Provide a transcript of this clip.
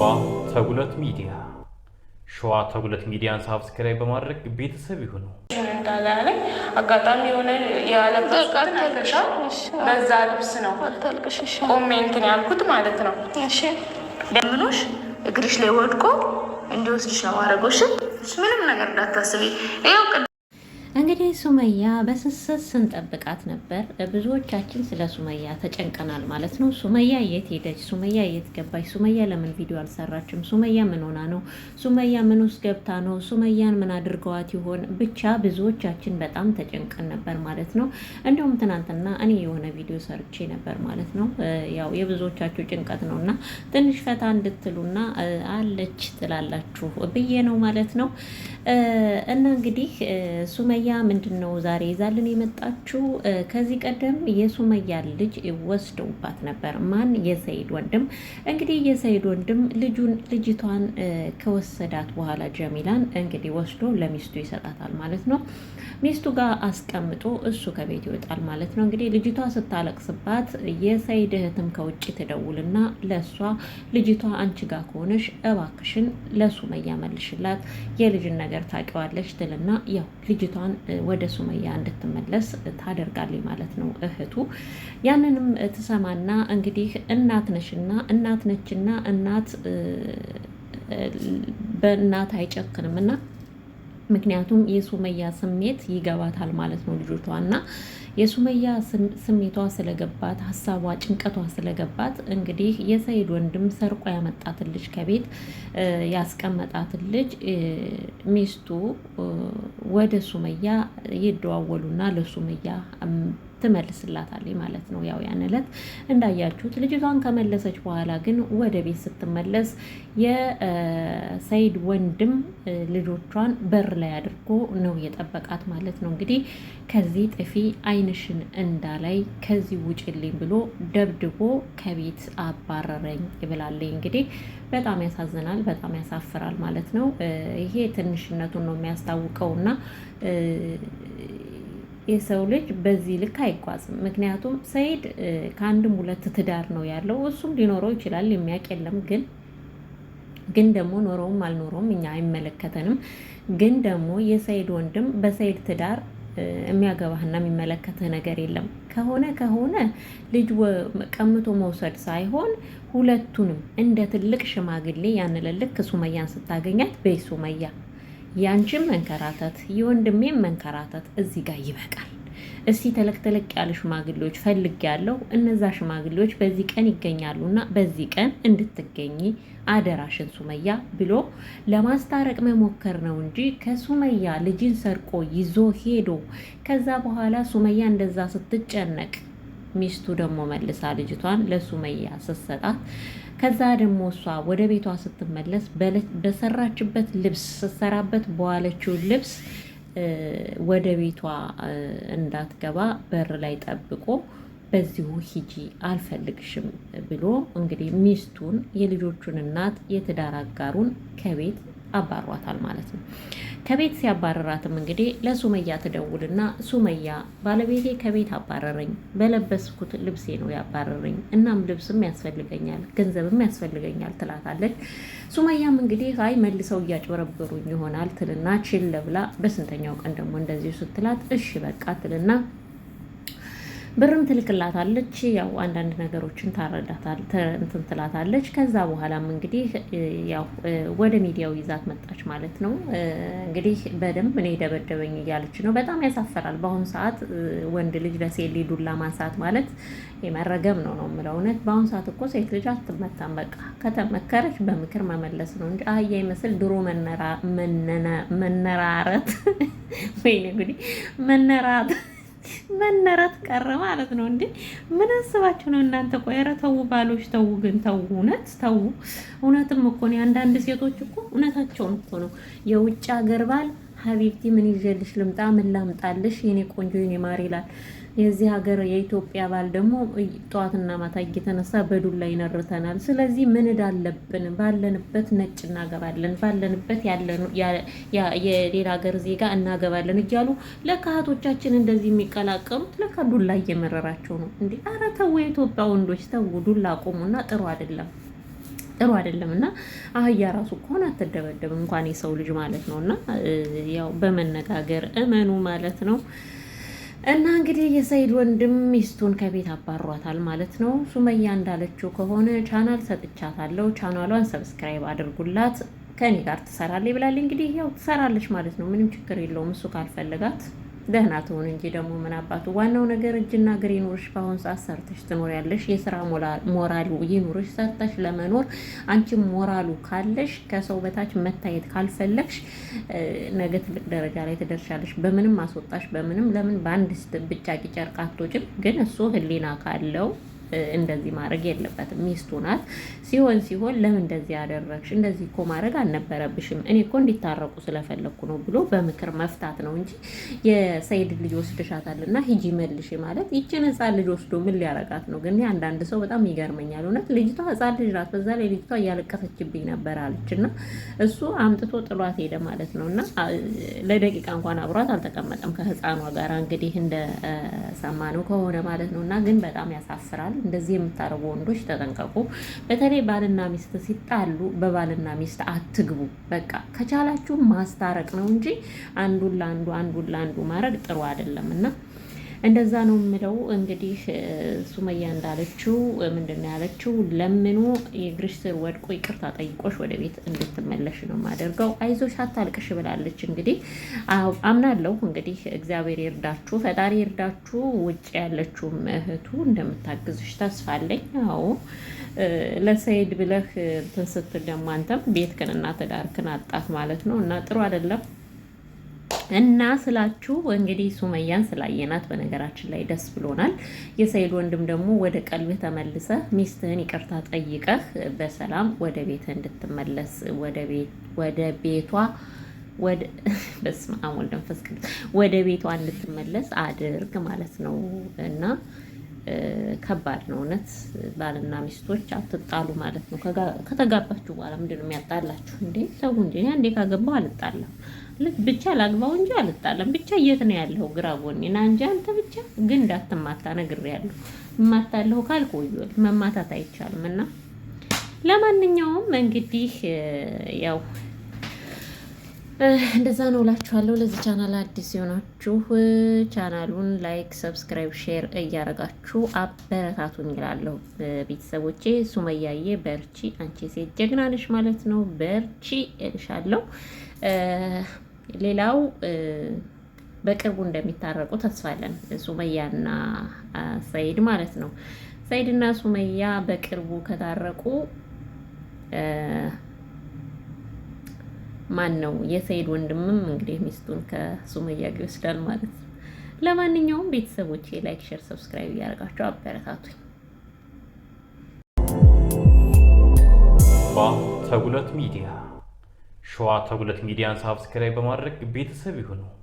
አባ ተጉለት ሚዲያ ሸዋ ተጉለት ሚዲያን ሳብስክራይብ በማድረግ ቤተሰብ ይሁኑ። አጋጣሚ የሆነ የለበሱትሻ በዛ ልብስ ነው ያልኩት ማለት ነው። ደምኖሽ እግርሽ ላይ ወድቆ እንዲወስድሽ ነው አረጎሽ። ምንም ነገር እንዳታስቢ ይኸው እንግዲህ ሱመያ በስስት ስንጠብቃት ነበር። ብዙዎቻችን ስለ ሱመያ ተጨንቀናል ማለት ነው። ሱመያ የት ሄደች? ሱመያ የት ገባች? ሱመያ ለምን ቪዲዮ አልሰራችም? ሱመያ ምን ሆና ነው? ሱመያ ምን ውስጥ ገብታ ነው? ሱመያን ምን አድርገዋት ይሆን? ብቻ ብዙዎቻችን በጣም ተጨንቀን ነበር ማለት ነው። እንዲሁም ትናንትና እኔ የሆነ ቪዲዮ ሰርቼ ነበር ማለት ነው። ያው የብዙዎቻችሁ ጭንቀት ነው እና ትንሽ ፈታ እንድትሉና አለች ትላላችሁ ብዬ ነው ማለት ነው እና እንግዲህ ሱመያ ሱመያ ምንድን ነው ዛሬ ይዛልን የመጣችው? ከዚህ ቀደም የሱመያ ልጅ ወስደውባት ነበር። ማን? የሰይድ ወንድም። እንግዲህ የሰይድ ወንድም ልጁን ልጅቷን ከወሰዳት በኋላ ጀሚላን እንግዲህ ወስዶ ለሚስቱ ይሰጣታል ማለት ነው። ሚስቱ ጋር አስቀምጦ እሱ ከቤት ይወጣል ማለት ነው። እንግዲህ ልጅቷ ስታለቅስባት የሰይድ እህትም ከውጭ ትደውልና ለእሷ ልጅቷ አንቺ ጋር ከሆነሽ እባክሽን ለሱመያ መልሽላት፣ የልጅን ነገር ታውቂዋለሽ ትልና ያው ልጅቷ ፊቷን ወደ ሱመያ እንድትመለስ ታደርጋለች ማለት ነው። እህቱ ያንንም ትሰማና እንግዲህ እናት ነሽና እናት ነችና እናት በእናት አይጨክንም እና ምክንያቱም የሱመያ ስሜት ይገባታል ማለት ነው ልጆቿ እና የሱመያ ስሜቷ ስለገባት ሀሳቧ ጭንቀቷ ስለገባት እንግዲህ የሰይድ ወንድም ሰርቆ ያመጣትን ልጅ ከቤት ያስቀመጣትን ልጅ ሚስቱ ወደ ሱመያ ይደዋወሉና ለሱመያ ትመልስላታለች ማለት ነው። ያው ያን ዕለት እንዳያችሁት ልጅቷን ከመለሰች በኋላ ግን ወደ ቤት ስትመለስ የሰይድ ወንድም ልጆቿን በር ላይ አድርጎ ነው የጠበቃት ማለት ነው። እንግዲህ ከዚህ ጥፊ አይንሽን እንዳላይ ከዚህ ውጭልኝ ብሎ ደብድቦ ከቤት አባረረኝ ይብላለኝ። እንግዲህ በጣም ያሳዝናል፣ በጣም ያሳፍራል ማለት ነው። ይሄ ትንሽነቱን ነው የሚያስታውቀው እና የሰው ልጅ በዚህ ልክ አይጓዝም። ምክንያቱም ሰይድ ከአንድም ሁለት ትዳር ነው ያለው። እሱም ሊኖረው ይችላል የሚያውቅ የለም። ግን ግን ደግሞ ኖረውም አልኖረውም እኛ አይመለከተንም። ግን ደግሞ የሰይድ ወንድም በሰይድ ትዳር የሚያገባህና የሚመለከትህ ነገር የለም። ከሆነ ከሆነ ልጅ ቀምቶ መውሰድ ሳይሆን ሁለቱንም እንደ ትልቅ ሽማግሌ ያንለልክ ሱመያን ስታገኛት በይ ሱመያ ያንቺም መንከራተት የወንድሜም መንከራተት እዚህ ጋር ይበቃል። እስቲ ተለቅ ተለቅ ያለ ሽማግሌዎች ፈልግ ያለው እነዛ ሽማግሌዎች በዚህ ቀን ይገኛሉና በዚህ ቀን እንድትገኝ አደራሽን ሱመያ ብሎ ለማስታረቅ መሞከር ነው እንጂ ከሱመያ ልጅን ሰርቆ ይዞ ሄዶ ከዛ በኋላ ሱመያ እንደዛ ስትጨነቅ ሚስቱ ደግሞ መልሳ ልጅቷን ለሱመያ ስትሰጣት ከዛ ደግሞ እሷ ወደ ቤቷ ስትመለስ በሰራችበት ልብስ ስትሰራበት በዋለችው ልብስ ወደ ቤቷ እንዳትገባ በር ላይ ጠብቆ በዚሁ ሂጂ አልፈልግሽም ብሎ እንግዲህ ሚስቱን የልጆቹን እናት የትዳር አጋሩን ከቤት አባሯታል ማለት ነው። ከቤት ሲያባረራትም እንግዲህ ለሱመያ ትደውልና ሱመያ ባለቤቴ ከቤት አባረረኝ፣ በለበስኩት ልብሴ ነው ያባረረኝ፣ እናም ልብስም ያስፈልገኛል፣ ገንዘብም ያስፈልገኛል ትላታለች። ሱመያም እንግዲህ አይ መልሰው እያጭበረበሩኝ ይሆናል ትልና ችል ብላ በስንተኛው ቀን ደግሞ እንደዚሁ ስትላት እሺ በቃ ትልና ብርም ትልክላታለች። ያው አንዳንድ ነገሮችን እንትን ትላታለች። ከዛ በኋላም እንግዲህ ያው ወደ ሚዲያው ይዛት መጣች ማለት ነው። እንግዲህ በደንብ እኔ ደበደበኝ እያለች ነው። በጣም ያሳፈራል። በአሁኑ ሰዓት ወንድ ልጅ ለሴት ልጅ ዱላ ማንሳት ማለት የመረገም ነው ነው የምለው እውነት። በአሁኑ ሰዓት እኮ ሴት ልጅ አትመታም። በቃ ከተመከረች በምክር መመለስ ነው እንጂ አህያ ይመስል ድሮ መነራረት ወይኔ እንግዲህ መነራት መነራት ቀረ ማለት ነው እንዴ? ምን አስባችሁ ነው እናንተ? ቆይ ኧረ ተው ባሎች ተው፣ ግን ተው፣ እውነት ተው። እውነትም እኮ ነው አንዳንድ ሴቶች እኮ እውነታቸውን እኮ ነው የውጭ ሀገር ባል ሀቢብቲ ምን ይዤልሽ ልምጣ፣ ምን ላምጣልሽ የኔ ቆንጆ የኔ ማር ይላል። የዚህ ሀገር የኢትዮጵያ ባል ደግሞ ጠዋትና ማታ እየተነሳ በዱላ ይነርተናል። ስለዚህ ምን እዳለብን? ባለንበት ነጭ እናገባለን፣ ባለንበት የሌላ ሀገር ዜጋ እናገባለን እያሉ ለካ እህቶቻችን እንደዚህ የሚቀላቀሉት ለካ ዱላ እየመረራቸው ነው እንዴ! አረ ተው የኢትዮጵያ ወንዶች ተው፣ ዱላ ቆሙና ጥሩ አይደለም ጥሩ አይደለም። እና አህያ ራሱ ከሆነ አትደበደብ እንኳን የሰው ልጅ ማለት ነው። እና ያው በመነጋገር እመኑ ማለት ነው። እና እንግዲህ የሰይድ ወንድም ሚስቱን ከቤት አባሯታል ማለት ነው። ሱመያ እንዳለችው ከሆነ ቻናል ሰጥቻታለሁ፣ ቻናሏን ሰብስክራይብ አድርጉላት፣ ከኔ ጋር ትሰራለች ብላለች። እንግዲህ ያው ትሰራለች ማለት ነው። ምንም ችግር የለውም እሱ ካልፈለጋት ደህና ትሆን እንጂ ደግሞ ምን አባቱ። ዋናው ነገር እጅና እግር ይኑርሽ። በአሁን ሰዓት ሰርተሽ ትኖሪያለሽ። የስራ ሞራሉ ይኑርሽ። ሰርተሽ ለመኖር አንቺ ሞራሉ ካለሽ ከሰው በታች መታየት ካልፈለግሽ ነገ ትልቅ ደረጃ ላይ ትደርሻለሽ። በምንም አስወጣሽ፣ በምንም ለምን በአንድ ብጫቂ ጨርቅ አትወጭም። ግን እሱ ህሊና ካለው እንደዚህ ማድረግ የለበትም። ሚስቱ ናት። ሲሆን ሲሆን ለምን እንደዚህ ያደረግሽ? እንደዚህ እኮ ማድረግ አልነበረብሽም። እኔ እኮ እንዲታረቁ ስለፈለግኩ ነው ብሎ በምክር መፍታት ነው እንጂ የሰይድ ልጅ ወስድሻታል እና ሂጂ መልሽ ማለት ይችን ህፃን ልጅ ወስዶ ምን ሊያረጋት ነው? ግን አንዳንድ ሰው በጣም ይገርመኛል። እውነት ልጅቷ ህፃን ልጅ ናት። በዛ ላይ ልጅቷ እያለቀሰችብኝ ነበር አለች እና እሱ አምጥቶ ጥሏት ሄደ ማለት ነው እና ለደቂቃ እንኳን አብሯት አልተቀመጠም ከህፃኗ ጋር እንግዲህ እንደሰማነው ከሆነ ማለት ነው እና ግን በጣም ያሳፍራል። እንደዚህ የምታደርጉ ወንዶች ተጠንቀቁ። በተለይ ባልና ሚስት ሲጣሉ በባልና ሚስት አትግቡ። በቃ ከቻላችሁ ማስታረቅ ነው እንጂ አንዱን ለአንዱ አንዱን ለአንዱ ማድረግ ጥሩ አይደለም እና እንደዛ ነው የምለው። እንግዲህ ሱመያ እንዳለችው ምንድን ነው ያለችው? ለምኖ የእግርሽ ስር ወድቆ ይቅርታ ጠይቆሽ ወደ ቤት እንድትመለሽ ነው የማደርገው። አይዞሽ አታልቅሽ ብላለች። እንግዲህ አምናለሁ። እንግዲህ እግዚአብሔር ይርዳችሁ፣ ፈጣሪ ይርዳችሁ። ውጭ ያለችውም እህቱ እንደምታግዝሽ ተስፋ አለኝ። አዎ ለሰይድ ብለህ እንትን ስትል ደግሞ አንተም ቤትክን እና ትዳርክን አጣት ማለት ነው እና ጥሩ አይደለም። እና ስላችሁ እንግዲህ ሱመያን ስላየናት በነገራችን ላይ ደስ ብሎናል። የሰይድ ወንድም ደግሞ ወደ ቀልብህ ተመልሰህ ሚስትህን ይቅርታ ጠይቀህ በሰላም ወደ ቤትህ እንድትመለስ ወደ ቤቷ ወደ በስመ አብ ወልድ ቅዱስ ወደ ቤቷ እንድትመለስ አድርግ ማለት ነው እና ከባድ ነው እውነት። ባልና ሚስቶች አትጣሉ ማለት ነው። ከተጋባችሁ በኋላ ምንድን ነው የሚያጣላችሁ እንዴ? ሰው እንጂ አንዴ ካገባሁ አልጣላም። ብቻ ላግባው እንጂ አልጣላም። ብቻ የት ነው ያለው? ግራ ጎኔ ና እንጂ አንተ ብቻ ግን እንዳትማታ ነግሬያለሁ። እማታለሁ ካልክ ወዮል። መማታት አይቻልም እና ለማንኛውም እንግዲህ ያው እንደዛ ነው እላችኋለሁ። ለዚህ ቻናል አዲስ የሆናችሁ ቻናሉን ላይክ፣ ሰብስክራይብ፣ ሼር እያደረጋችሁ አበረታቱኝ እላለሁ ቤተሰቦቼ። ሱመያዬ በርቺ፣ አንቺ ሴት ጀግና ነሽ ማለት ነው። በርቺ እልሻለሁ። ሌላው በቅርቡ እንደሚታረቁ ተስፋ አለን፣ ሱመያና ሰይድ ማለት ነው። ሰይድና ሱመያ በቅርቡ ከታረቁ ማን ነው የሰይድ ወንድምም እንግዲህ ሚስቱን ከሱመያ ይወስዳል ማለት ነው። ለማንኛውም ቤተሰቦች ላይክ፣ ሼር፣ ሰብስክራይብ እያደረጋቸው አበረታቱኝ። ተጉለት ሚዲያ ሸዋ ተጉለት ሚዲያን ሳብስክራይብ በማድረግ ቤተሰብ ይሁነው።